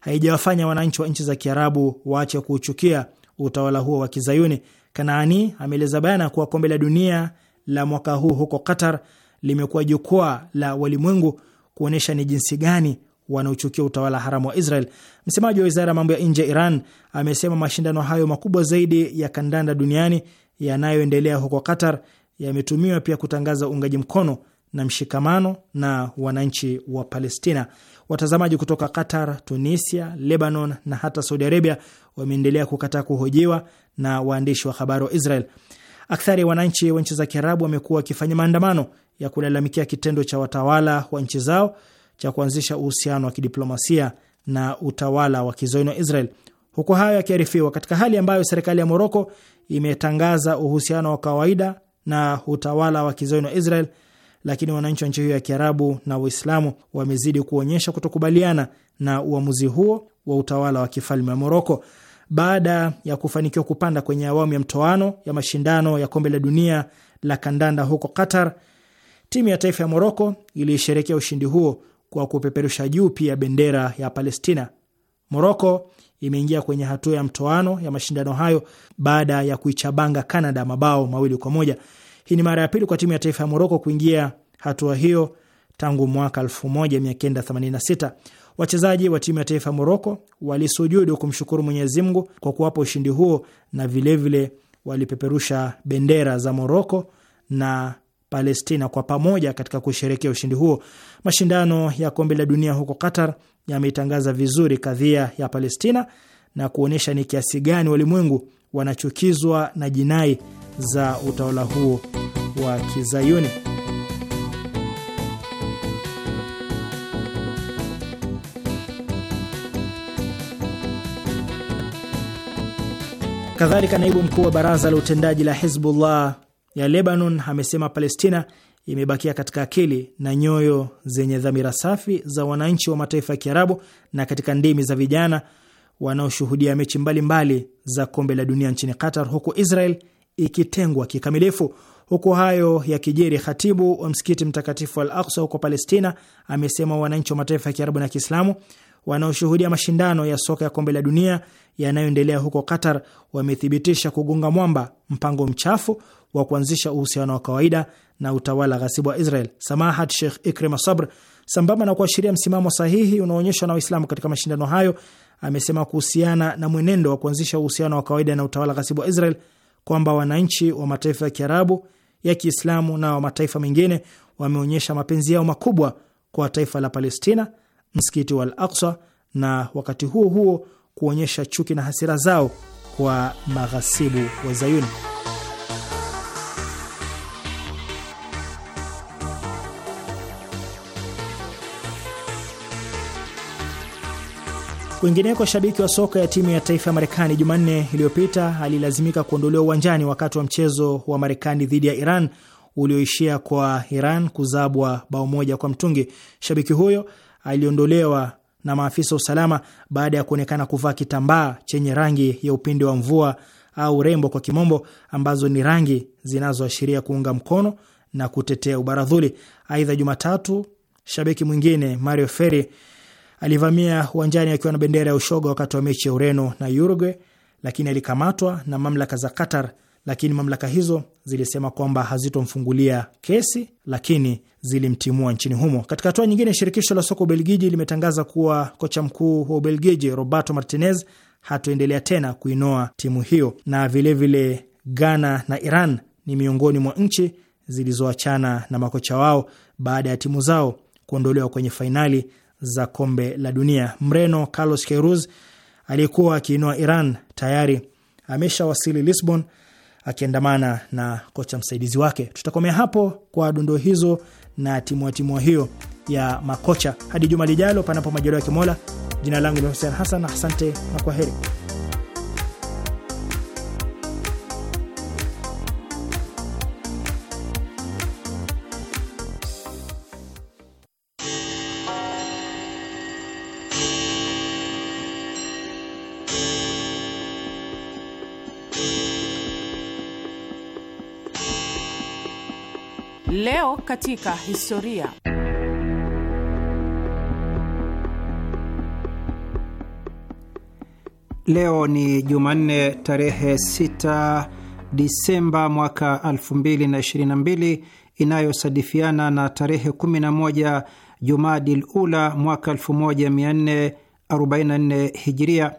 haijawafanya wananchi wa nchi za Kiarabu waache kuuchukia utawala huo wa kizayuni. Kanaani ameeleza bayana kuwa kombe la dunia la mwaka huu huko Qatar limekuwa jukwaa la walimwengu kuonyesha ni jinsi gani wanaochukia utawala haramu wa Israel. Msemaji wa wizara ya mambo ya nje ya Iran amesema mashindano hayo makubwa zaidi ya kandanda duniani yanayoendelea huko Qatar yametumiwa pia kutangaza uungaji mkono na mshikamano na wananchi wa Palestina. Watazamaji kutoka Qatar, Tunisia, Lebanon na hata Saudi Arabia wameendelea kukataa kuhojiwa na waandishi wa habari wa Israel. Akthari ya wananchi wa nchi za Kiarabu wamekuwa wakifanya maandamano ya kulalamikia kitendo cha watawala wa nchi zao cha kuanzisha uhusiano wa kidiplomasia na utawala wa kizoini wa Israel. Huku hayo yakiarifiwa, katika hali ambayo serikali ya Moroko imetangaza uhusiano wa kawaida na utawala wa kizoini wa Israel lakini wananchi wa nchi hiyo ya Kiarabu na Waislamu wamezidi kuonyesha kutokubaliana na uamuzi huo wa utawala wa kifalme wa Moroko. Baada ya kufanikiwa kupanda kwenye awamu ya mtoano ya mashindano ya kombe la dunia la kandanda huko Qatar, timu ya taifa ya Moroko iliisherekea ushindi huo kwa kupeperusha juu pia bendera ya Palestina. Moroko imeingia kwenye hatua ya mtoano ya mashindano hayo baada ya kuichabanga Canada mabao mawili kwa moja. Hii ni mara ya pili kwa timu ya taifa ya Moroko kuingia hatua hiyo tangu mwaka 1986. Wachezaji wa timu ya taifa ya Moroko walisujudu kumshukuru Mwenyezi Mungu kwa kuwapa ushindi huo na vilevile vile walipeperusha bendera za Moroko na Palestina kwa pamoja katika kusherekea ushindi huo. Mashindano ya kombe la dunia huko Qatar yameitangaza vizuri kadhia ya Palestina na kuonyesha ni kiasi gani walimwengu wanachukizwa na jinai za utawala huo wa Kizayuni. Kadhalika, naibu mkuu wa baraza la utendaji la Hizbullah ya Lebanon amesema Palestina imebakia katika akili na nyoyo zenye dhamira safi za wananchi wa mataifa ya Kiarabu na katika ndimi za vijana wanaoshuhudia mechi mbalimbali mbali za kombe la dunia nchini Qatar, huku Israel ikitengwa kikamilifu. Huku hayo ya kijeri, khatibu wa msikiti mtakatifu Al Aksa huko Palestina amesema wananchi wa mataifa ya Kiarabu na Kiislamu wanaoshuhudia mashindano ya soka ya kombe la dunia yanayoendelea huko Qatar wamethibitisha kugonga mwamba mpango mchafu wa kuanzisha uhusiano wa kawaida na utawala ghasibu wa Israel. Samahat Sheikh Ikrima Sabr, sambamba na kuashiria msimamo sahihi unaoonyeshwa na Waislamu katika mashindano hayo, amesema kuhusiana na mwenendo wa kuanzisha uhusiano wa kawaida na utawala ghasibu wa Israel kwamba wananchi wa mataifa ya Kiarabu ya Kiislamu na wa mataifa mengine wameonyesha mapenzi yao makubwa kwa taifa la Palestina, msikiti wa Al Aksa, na wakati huo huo kuonyesha chuki na hasira zao kwa maghasibu wa Zayuni. Kwingineko, shabiki wa soka ya timu ya taifa ya Marekani Jumanne iliyopita alilazimika kuondolewa uwanjani wakati wa mchezo wa Marekani dhidi ya Iran ulioishia kwa Iran kuzabwa bao moja kwa mtungi. Shabiki huyo aliondolewa na maafisa wa usalama baada ya kuonekana kuvaa kitambaa chenye rangi ya upinde wa mvua au rembo kwa kimombo, ambazo ni rangi zinazoashiria kuunga mkono na kutetea ubaradhuli. Aidha, Jumatatu shabiki mwingine Mario Ferri Alivamia uwanjani akiwa na bendera ya ushoga wakati wa mechi ya Ureno na Uruguay, lakini alikamatwa na mamlaka za Qatar, lakini mamlaka hizo zilisema kwamba hazitomfungulia kesi, lakini zilimtimua nchini humo. Katika hatua nyingine, shirikisho la soka Ubelgiji limetangaza kuwa kocha mkuu wa Ubelgiji Roberto Martinez hatoendelea tena kuinoa timu hiyo, na vilevile vile Ghana na Iran ni miongoni mwa nchi zilizoachana na makocha wao baada ya timu zao kuondolewa kwenye fainali za kombe la dunia. Mreno Carlos Queiroz aliyekuwa akiinua Iran tayari ameshawasili Lisbon akiandamana na kocha msaidizi wake. Tutakomea hapo kwa dondoo hizo na timua timua hiyo ya makocha hadi juma lijalo, panapo majaliwa ya Kimola. Jina langu ni Hussein Hassan, asante na kwa heri. Leo katika historia. Leo ni Jumanne tarehe 6 Disemba mwaka 2022 inayosadifiana na tarehe 11 Jumadil Ula mwaka 1444 Hijiria.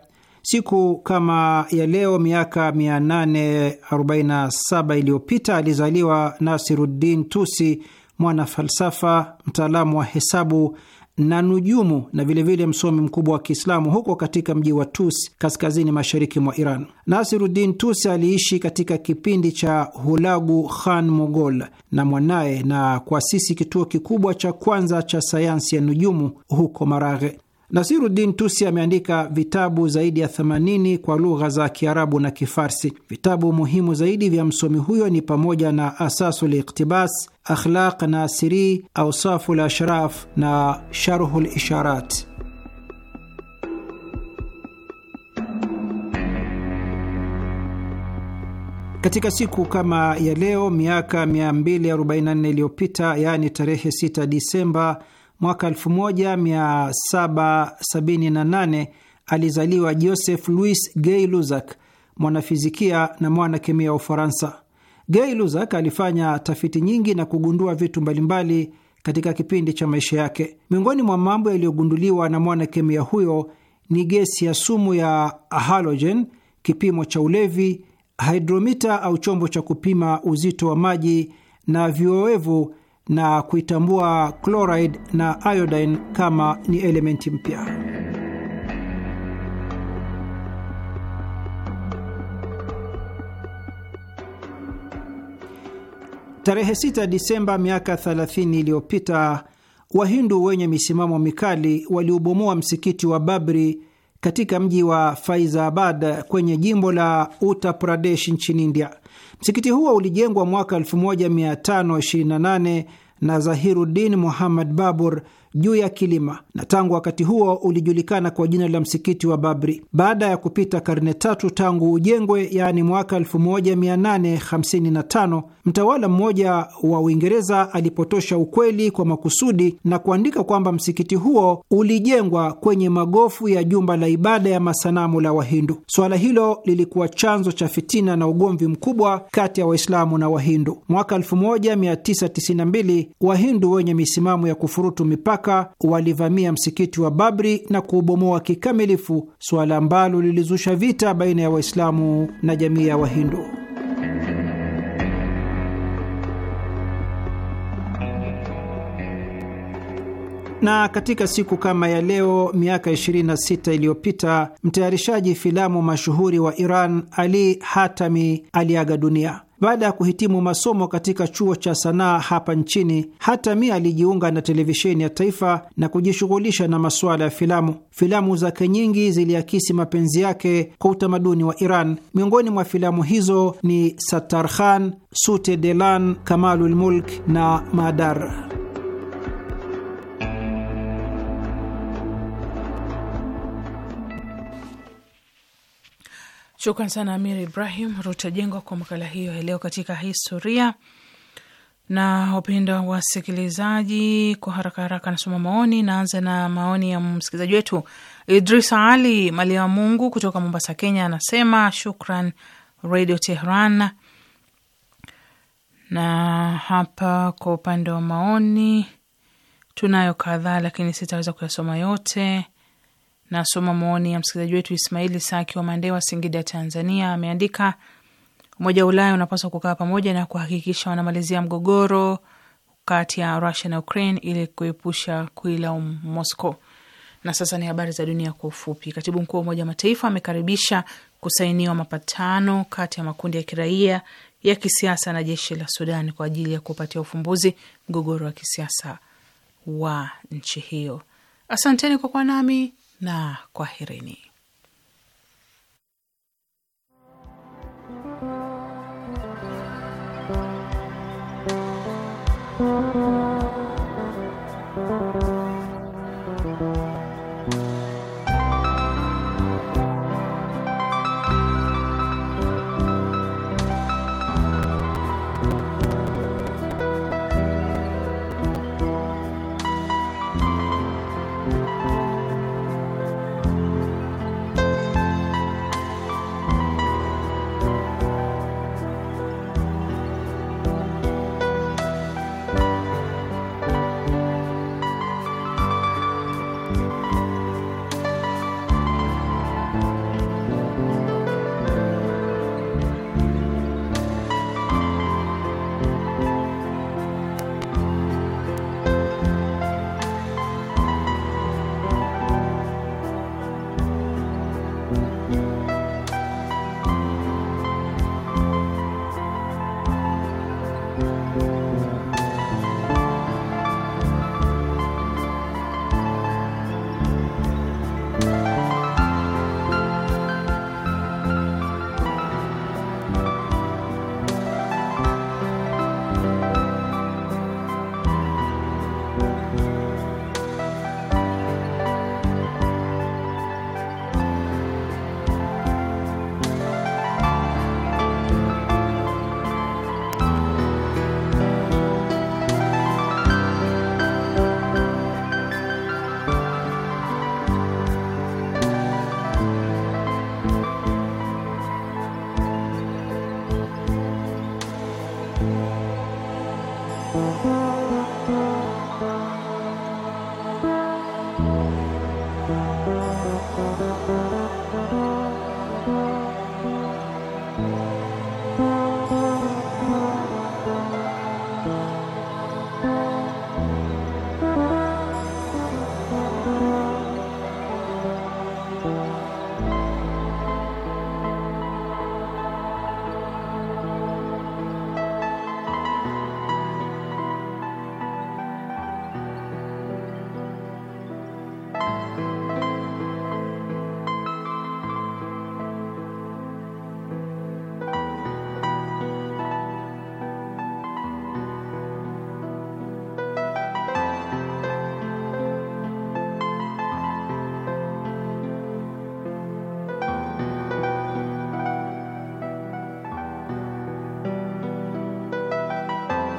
Siku kama ya leo miaka 847 iliyopita alizaliwa Nasiruddin Tusi, mwana falsafa, mtaalamu wa hesabu na nujumu na vilevile msomi mkubwa wa Kiislamu huko katika mji wa Tusi kaskazini mashariki mwa Iran. Nasiruddin Tusi aliishi katika kipindi cha Hulagu Khan Mogol na mwanaye na kuasisi kituo kikubwa cha kwanza cha sayansi ya nujumu huko Maraghe. Nasiruddin Tusi ameandika vitabu zaidi ya 80 kwa lugha za Kiarabu na Kifarsi. Vitabu muhimu zaidi vya msomi huyo ni pamoja na Asasu Liktibas, Akhlaq Nasiri, Ausaful Ashraf na Sharhul Isharat. Katika siku kama ya leo miaka 244 iliyopita, yaani tarehe 6 Disemba mwaka 1778 alizaliwa Joseph Louis Gay Luzak, mwanafizikia na mwana kemia wa Ufaransa. Gay Luzak alifanya tafiti nyingi na kugundua vitu mbalimbali katika kipindi cha maisha yake. Miongoni mwa mambo yaliyogunduliwa na mwana kemia huyo ni gesi ya sumu ya halogen, kipimo cha ulevi, hidromita au chombo cha kupima uzito wa maji na vioevu na kuitambua chloride na iodine kama ni elementi mpya. Tarehe 6 Disemba miaka 30 iliyopita, Wahindu wenye misimamo mikali waliubomoa msikiti wa Babri katika mji wa Faizabad kwenye jimbo la Uttar Pradesh nchini India. Msikiti huo ulijengwa mwaka 1528 na Zahiruddin Muhammad Babur juu ya kilima, na tangu wakati huo ulijulikana kwa jina la msikiti wa Babri. Baada ya kupita karne tatu tangu ujengwe, yaani mwaka 1855, mtawala mmoja wa Uingereza alipotosha ukweli kwa makusudi na kuandika kwamba msikiti huo ulijengwa kwenye magofu ya jumba la ibada ya masanamu la Wahindu. Swala hilo lilikuwa chanzo cha fitina na ugomvi mkubwa kati ya Waislamu na Wahindu. Mwaka 1992 Wahindu wenye misimamo ya kufurutu mipaka mwaka walivamia msikiti wa Babri na kuubomoa kikamilifu, suala ambalo lilizusha vita baina ya Waislamu na jamii ya Wahindu. Na katika siku kama ya leo miaka 26 iliyopita mtayarishaji filamu mashuhuri wa Iran Ali Hatami aliaga dunia. Baada ya kuhitimu masomo katika chuo cha sanaa hapa nchini, Hatami alijiunga na televisheni ya taifa na kujishughulisha na masuala ya filamu. Filamu zake nyingi ziliakisi mapenzi yake kwa utamaduni wa Iran. Miongoni mwa filamu hizo ni satarkhan Sute Delan, Kamalul Mulk na Madar. Shukran sana Amir Ibrahim Rutajengwa kwa makala hiyo ya leo katika historia. Na wapenda wasikilizaji, kwa haraka haraka nasoma maoni. Naanza na maoni ya msikilizaji wetu Idrisa Ali Maliwa Mungu kutoka Mombasa, Kenya, anasema shukran Radio Tehran. Na hapa kwa upande wa maoni tunayo kadhaa, lakini sitaweza kuyasoma yote. Nasoma maoni ya msikilizaji wetu Ismaili Saki wa Mandewa, Singida, Tanzania. Ameandika, Umoja wa Ulaya unapaswa kukaa pamoja na kuhakikisha wanamalizia mgogoro kati ya Rusia na Ukraine ili kuepusha kuilaumu Moscow. Na sasa ni habari za dunia kwa ufupi. Katibu mkuu wa Umoja wa Mataifa amekaribisha kusainiwa mapatano kati ya makundi ya kiraia ya kisiasa na jeshi la Sudan kwa ajili ya kupatia ufumbuzi mgogoro wa kisiasa wa nchi hiyo. Asanteni kwa kuwa nami na kwaherini.